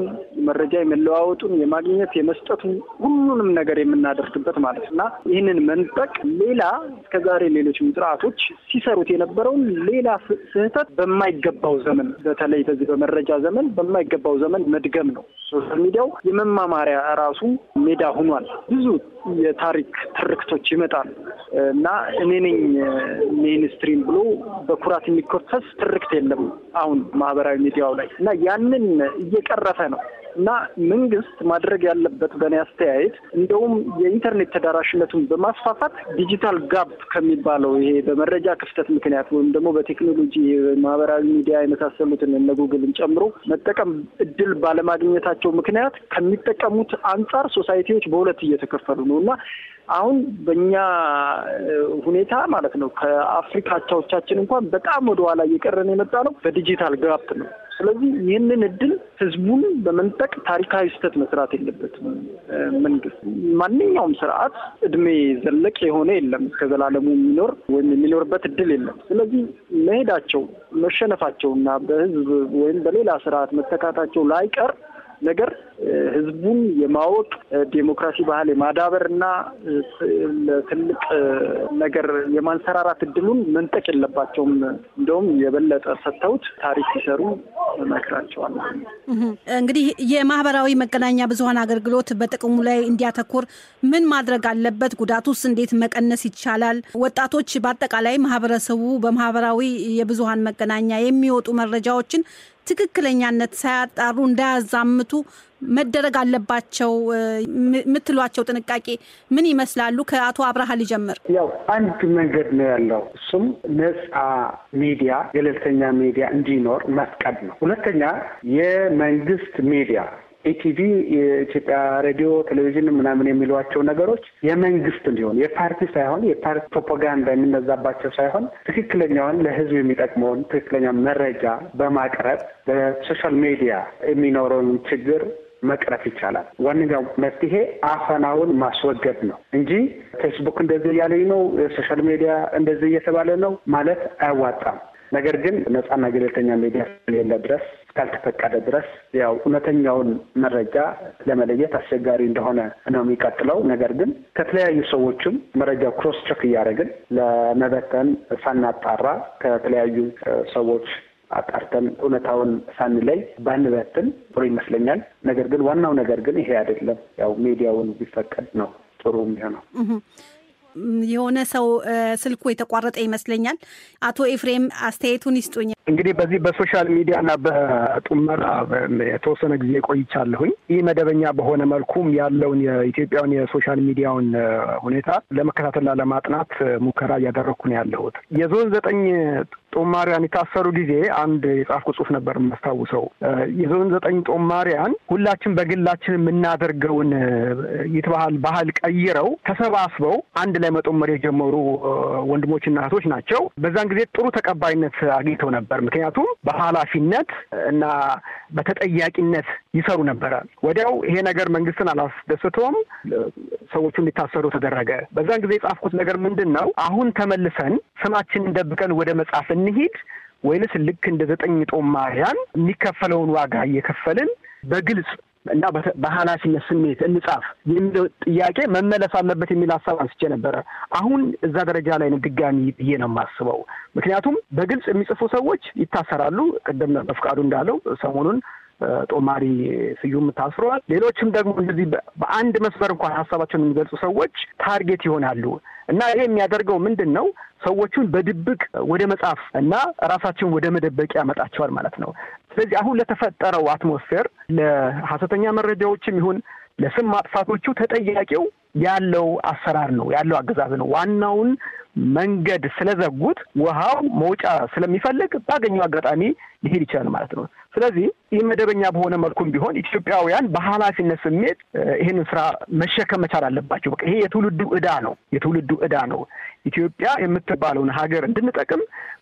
መረጃ የመለዋወጡን፣ የማግኘት የመስጠቱን ሁሉንም ነገር የምናደርግበት ማለት እና ይህንን መንጠቅ ሌላ እስከዛሬ ሌሎችም ስርዓቶች ሲሰሩት የነበረውን ሌላ ስህተት በማይገባው ዘመን በተለይ በዚህ በመረጃ ዘመን በማይገባው ዘመን መድገም ነው። ሶሻል ሚዲያው የመማማሪያ ራሱ ሜዳ ሆኗል። ብዙ የታሪክ ትርክቶች ይመጣል እና እኔ ነኝ ሜንስትሪም ብሎ በኩራት የሚኮፈስ ትርክት የለም አሁን ማህበራዊ ሚዲያው ላይ እና ያንን እየቀረፈ ነው እና መንግስት ማድረግ ያለበት በእኔ አስተያየት እንደውም የኢንተርኔት ተዳራሽነቱን በማስፋፋት ዲጂታል ጋፕ ከሚባለው ይሄ በመረጃ ክፍተት ምክንያት ወይም ደግሞ በቴክኖሎጂ ማህበራዊ ሚዲያ የመሳሰሉትን እነ ጉግልን ጨምሮ መጠቀም እድል ባለማግኘታቸው ምክንያት ከሚጠቀሙት አንጻር ሶሳይቲዎች በሁለት እየተከፈሉ ነው እና አሁን በእኛ ሁኔታ ማለት ነው ከአፍሪካ አቻዎቻችን እንኳን በጣም ወደኋላ እየቀረን የመጣ ነው በዲጂታል ጋፕ ነው። ስለዚህ ይህንን እድል ህዝቡን በመንጠቅ ታሪካዊ ስህተት መስራት የለበትም። መንግስት ማንኛውም ስርዓት እድሜ ዘለቅ የሆነ የለም፣ እስከ ዘላለሙ የሚኖር ወይም የሚኖርበት እድል የለም። ስለዚህ መሄዳቸው መሸነፋቸውና በህዝብ ወይም በሌላ ስርዓት መተካታቸው ላይቀር ነገር ህዝቡን የማወቅ ዴሞክራሲ ባህል የማዳበር እና ለትልቅ ነገር የማንሰራራት እድሉን መንጠቅ የለባቸውም። እንደውም የበለጠ ሰጥተውት ታሪክ ሲሰሩ መክራቸዋል። እንግዲህ የማህበራዊ መገናኛ ብዙሀን አገልግሎት በጥቅሙ ላይ እንዲያተኩር ምን ማድረግ አለበት? ጉዳቱስ እንዴት መቀነስ ይቻላል? ወጣቶች በአጠቃላይ ማህበረሰቡ በማህበራዊ የብዙሀን መገናኛ የሚወጡ መረጃዎችን ትክክለኛነት ሳያጣሩ እንዳያዛምቱ መደረግ አለባቸው የምትሏቸው ጥንቃቄ ምን ይመስላሉ? ከአቶ አብርሃ ሊጀምር። ያው አንድ መንገድ ነው ያለው፣ እሱም ነፃ ሚዲያ፣ ገለልተኛ ሚዲያ እንዲኖር መፍቀድ ነው። ሁለተኛ የመንግስት ሚዲያ ኢቲቪ የኢትዮጵያ ሬዲዮ ቴሌቪዥን ምናምን የሚሏቸው ነገሮች የመንግስት እንዲሆን የፓርቲ ሳይሆን የፓርቲ ፕሮፓጋንዳ የሚነዛባቸው ሳይሆን ትክክለኛውን ለህዝብ የሚጠቅመውን ትክክለኛ መረጃ በማቅረብ በሶሻል ሚዲያ የሚኖረውን ችግር መቅረፍ ይቻላል። ዋነኛው መፍትሄ አፈናውን ማስወገድ ነው እንጂ ፌስቡክ እንደዚህ እያለኝ ነው፣ ሶሻል ሚዲያ እንደዚህ እየተባለ ነው ማለት አያዋጣም። ነገር ግን ነጻና ገለልተኛ ሚዲያ ስለሌለ ድረስ እስካልተፈቀደ ድረስ ያው እውነተኛውን መረጃ ለመለየት አስቸጋሪ እንደሆነ ነው የሚቀጥለው። ነገር ግን ከተለያዩ ሰዎችም መረጃው ክሮስ ቸክ እያደረግን ለመበተን ሳናጣራ ከተለያዩ ሰዎች አጣርተን እውነታውን ሳንለይ ባንበትን ጥሩ ይመስለኛል። ነገር ግን ዋናው ነገር ግን ይሄ አይደለም። ያው ሚዲያውን ቢፈቀድ ነው ጥሩ የሚሆነው። የሆነ ሰው ስልኩ የተቋረጠ ይመስለኛል። አቶ ኤፍሬም አስተያየቱን ይስጡኝ። እንግዲህ በዚህ በሶሻል ሚዲያና በጡመራ የተወሰነ ጊዜ ቆይቻለሁኝ። ይህ መደበኛ በሆነ መልኩም ያለውን የኢትዮጵያውን የሶሻል ሚዲያውን ሁኔታ ለመከታተልና ለማጥናት ሙከራ እያደረግኩ ነው ያለሁት የዞን ዘጠኝ ጦማሪያን የታሰሩ ጊዜ አንድ የጻፍኩ ጽሁፍ ነበር የማስታውሰው። የዞን ዘጠኝ ጦማሪያን ሁላችን በግላችን የምናደርገውን ይትባህል ባህል ቀይረው ተሰባስበው አንድ ላይ መጦመር የጀመሩ ወንድሞችና እህቶች ናቸው። በዛን ጊዜ ጥሩ ተቀባይነት አግኝተው ነበር። ምክንያቱም በኃላፊነት እና በተጠያቂነት ይሰሩ ነበረ። ወዲያው ይሄ ነገር መንግስትን አላስደሰተውም። ሰዎቹ እንዲታሰሩ ተደረገ። በዛን ጊዜ የጻፍኩት ነገር ምንድን ነው? አሁን ተመልሰን ስማችንን ደብቀን ወደ መጽሐፍ እንሂድ ወይንስ ልክ እንደ ዘጠኝ ጦማርያን የሚከፈለውን ዋጋ እየከፈልን በግልጽ እና በኃላፊነት ስሜት እንጻፍ የሚለው ጥያቄ መመለስ አለበት የሚል ሀሳብ አንስቼ ነበረ። አሁን እዛ ደረጃ ላይ ድጋሚ ብዬ ነው የማስበው። ምክንያቱም በግልጽ የሚጽፉ ሰዎች ይታሰራሉ። ቅድም በፍቃዱ እንዳለው ሰሞኑን ጦማሪ ስዩም ታስሯል። ሌሎችም ደግሞ እንደዚህ በአንድ መስመር እንኳን ሀሳባቸውን የሚገልጹ ሰዎች ታርጌት ይሆናሉ እና ይሄ የሚያደርገው ምንድን ነው? ሰዎቹን በድብቅ ወደ መጻፍ እና ራሳቸውን ወደ መደበቅ ያመጣቸዋል ማለት ነው። ስለዚህ አሁን ለተፈጠረው አትሞስፌር ለሀሰተኛ መረጃዎችም ይሁን ለስም ማጥፋቶቹ ተጠያቂው ያለው አሰራር ነው ያለው አገዛዝ ነው ዋናውን መንገድ ስለዘጉት ውሃው መውጫ ስለሚፈልግ ባገኘው አጋጣሚ ሊሄድ ይችላል ማለት ነው። ስለዚህ ይህ መደበኛ በሆነ መልኩም ቢሆን ኢትዮጵያውያን በኃላፊነት ስሜት ይህንን ስራ መሸከም መቻል አለባቸው። በቃ ይሄ የትውልዱ እዳ ነው፣ የትውልዱ እዳ ነው። ኢትዮጵያ የምትባለውን ሀገር እንድንጠቅም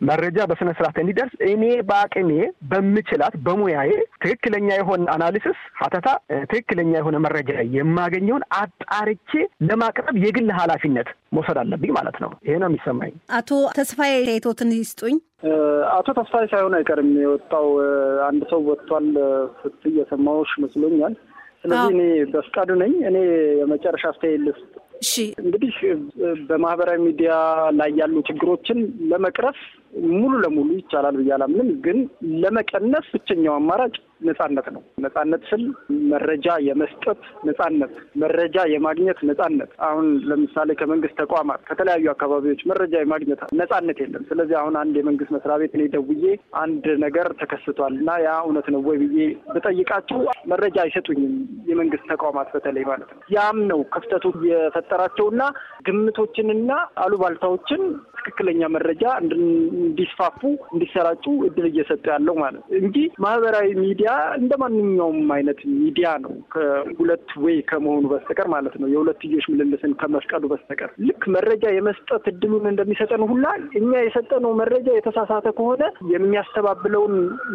መረጃ በስነ ስርዓት እንዲደርስ እኔ በአቅሜ በምችላት በሙያዬ ትክክለኛ የሆነ አናሊሲስ ሀተታ፣ ትክክለኛ የሆነ መረጃ የማገኘውን አጣርቼ ለማቅረብ የግል ኃላፊነት መውሰድ አለብኝ ማለት ነው። ነው የሚሰማኝ። አቶ ተስፋዬ ተይቶትን ይስጡኝ። አቶ ተስፋዬ ሳይሆን አይቀርም የወጣው አንድ ሰው ወጥቷል ስትይ የሰማሁሽ መስሎኛል። ስለዚህ እኔ በፍቃዱ ነኝ። እኔ የመጨረሻ አስተያየት ልስጥ። እሺ እንግዲህ በማህበራዊ ሚዲያ ላይ ያሉ ችግሮችን ለመቅረፍ ሙሉ ለሙሉ ይቻላል ብዬ አላምንም፣ ግን ለመቀነስ ብቸኛው አማራጭ ነጻነት ነው። ነጻነት ስል መረጃ የመስጠት ነጻነት፣ መረጃ የማግኘት ነጻነት። አሁን ለምሳሌ ከመንግስት ተቋማት ከተለያዩ አካባቢዎች መረጃ የማግኘት ነጻነት የለም። ስለዚህ አሁን አንድ የመንግስት መስሪያ ቤት እኔ ደውዬ አንድ ነገር ተከስቷል እና ያ እውነት ነው ወይ ብዬ ብጠይቃቸው መረጃ አይሰጡኝም። የመንግስት ተቋማት በተለይ ማለት ነው። ያም ነው ክፍተቱ የፈጠራቸውና ግምቶችንና አሉባልታዎችን ትክክለኛ መረጃ እንዲስፋፉ እንዲሰራጩ እድል እየሰጡ ያለው ማለት ነው እንጂ ማህበራዊ ሚዲያ ሚዲያ እንደ ማንኛውም አይነት ሚዲያ ነው ከሁለት ወይ ከመሆኑ በስተቀር ማለት ነው የሁለትዮሽ ምልልስን ከመፍቀዱ በስተቀር ልክ መረጃ የመስጠት እድሉን እንደሚሰጠን ሁላ እኛ የሰጠነው መረጃ የተሳሳተ ከሆነ የሚያስተባብለውን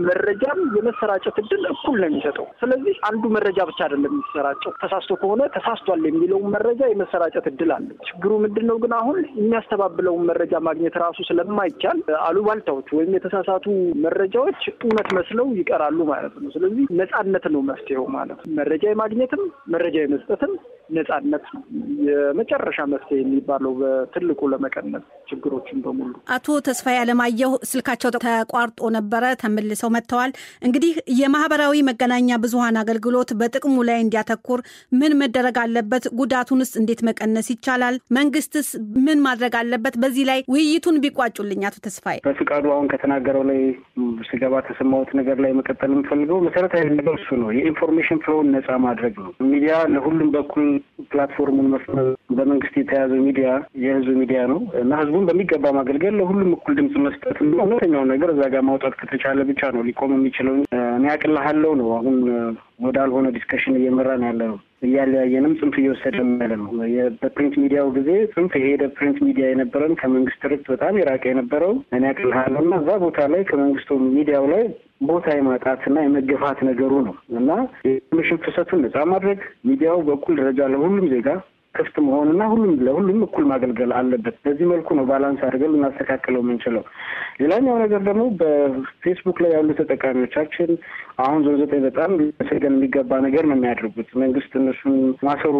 መረጃም የመሰራጨት እድል እኩል ነው የሚሰጠው። ስለዚህ አንዱ መረጃ ብቻ አይደለም የሚሰራጨው፣ ተሳስቶ ከሆነ ተሳስቷል የሚለውን መረጃ የመሰራጨት እድል አለ። ችግሩ ምንድን ነው ግን አሁን የሚያስተባብለውን መረጃ ማግኘት ራሱ ስለማይቻል አሉባልታዎች ወይም የተሳሳቱ መረጃዎች እውነት መስለው ይቀራሉ ማለት ነው። ነው። ስለዚህ ነጻነት ነው መፍትሄው ማለት መረጃ የማግኘትም መረጃ የመስጠትም ነጻነት ነው የመጨረሻ መፍትሄ የሚባለው በትልቁ ለመቀነስ ችግሮችን በሙሉ። አቶ ተስፋዬ አለማየሁ ስልካቸው ተቋርጦ ነበረ፣ ተመልሰው መጥተዋል። እንግዲህ የማህበራዊ መገናኛ ብዙሀን አገልግሎት በጥቅሙ ላይ እንዲያተኩር ምን መደረግ አለበት? ጉዳቱንስ እንዴት መቀነስ ይቻላል? መንግስትስ ምን ማድረግ አለበት? በዚህ ላይ ውይይቱን ቢቋጩልኝ። አቶ ተስፋዬ በፍቃዱ አሁን ከተናገረው ላይ ስገባ ተሰማሁት ነገር ላይ መቀጠል የምፈልገው መሰረታዊ ነገር እሱ ነው። የኢንፎርሜሽን ፍሎውን ነፃ ማድረግ ነው። ሚዲያ ለሁሉም በኩል ፕላትፎርሙን መፍጠር፣ በመንግስት የተያዘው ሚዲያ የህዝብ ሚዲያ ነው እና ህዝቡን በሚገባ ማገልገል፣ ለሁሉም እኩል ድምጽ መስጠት፣ እውነተኛውን ነገር እዛ ጋር ማውጣት ከተቻለ ብቻ ነው ሊቆም የሚችለው። እኔ ነው አሁን ወዳልሆነ ዲስከሽን እየመራን ያለ ነው። እያለያየንም ጽንፍ እየወሰደ ያለ ነው። በፕሪንት ሚዲያው ጊዜ ጽንፍ የሄደ ፕሪንት ሚዲያ የነበረን ከመንግስት ርት በጣም የራቀ የነበረው እኔ ያቅልሃለሁ እና እዛ ቦታ ላይ ከመንግስቱ ሚዲያው ላይ ቦታ የማጣትና የመገፋት ነገሩ ነው እና የኢንፎርሜሽን ፍሰቱን ነጻ ማድረግ ሚዲያው በኩል ደረጃ ለሁሉም ዜጋ ክፍት መሆንና ሁሉም ለሁሉም እኩል ማገልገል አለበት። በዚህ መልኩ ነው ባላንስ አድርገን ልናስተካክለው የምንችለው። ሌላኛው ነገር ደግሞ በፌስቡክ ላይ ያሉ ተጠቃሚዎቻችን አሁን ዞን ዘጠኝ በጣም ሊመሰገን የሚገባ ነገር ነው የሚያደርጉት። መንግስት እነሱን ማሰሩ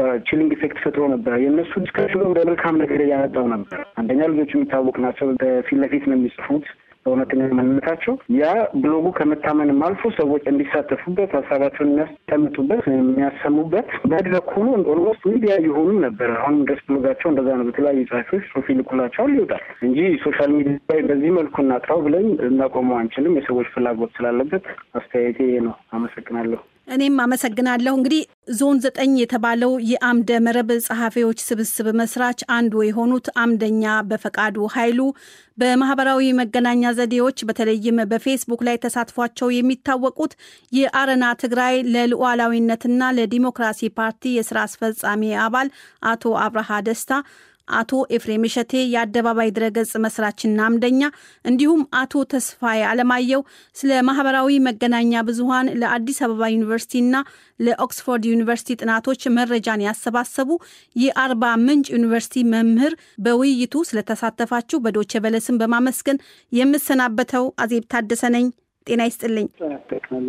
በቺሊንግ ኢፌክት ፈጥሮ ነበር። የእነሱ ዲስከሽን በመልካም ነገር እያመጣው ነበር። አንደኛ ልጆች የሚታወቅ ናቸው። በፊት ለፊት ነው የሚጽፉት በእውነተኛ ማንነታቸው ያ ብሎጉ ከመታመንም አልፎ ሰዎች እንዲሳተፉበት ሀሳባቸውን የሚያስቀምጡበት የሚያሰሙበት መድረክ ሆኖ ኦልሞስት ሚዲያ የሆኑ ነበር። አሁን ደስ ብሎጋቸው እንደዛ ነው። በተለያዩ ጸሐፊዎች ሶፊ ይልኩላቸዋል፣ ይወጣል እንጂ ሶሻል ሚዲያ ላይ በዚህ መልኩ እናጥራው ብለን እናቆመው አንችልም። የሰዎች ፍላጎት ስላለበት አስተያየቴ ነው። አመሰግናለሁ። እኔም አመሰግናለሁ። እንግዲህ ዞን ዘጠኝ የተባለው የአምደ መረብ ጸሐፊዎች ስብስብ መስራች አንዱ የሆኑት አምደኛ በፈቃዱ ኃይሉ በማህበራዊ መገናኛ ዘዴዎች በተለይም በፌስቡክ ላይ ተሳትፏቸው የሚታወቁት የአረና ትግራይ ለሉዓላዊነትና ለዲሞክራሲ ፓርቲ የስራ አስፈጻሚ አባል አቶ አብርሃ ደስታ አቶ ኤፍሬም እሸቴ የአደባባይ ድረገጽ መስራችና አምደኛ እንዲሁም አቶ ተስፋዬ አለማየው ስለ ማህበራዊ መገናኛ ብዙሀን ለአዲስ አበባ ዩኒቨርሲቲና ለኦክስፎርድ ዩኒቨርሲቲ ጥናቶች መረጃን ያሰባሰቡ የአርባ ምንጭ ዩኒቨርሲቲ መምህር በውይይቱ ስለተሳተፋችሁ በዶቼ ቬለ በማመስገን የምሰናበተው አዜብ ታደሰ ነኝ። ጤና ይስጥልኝ።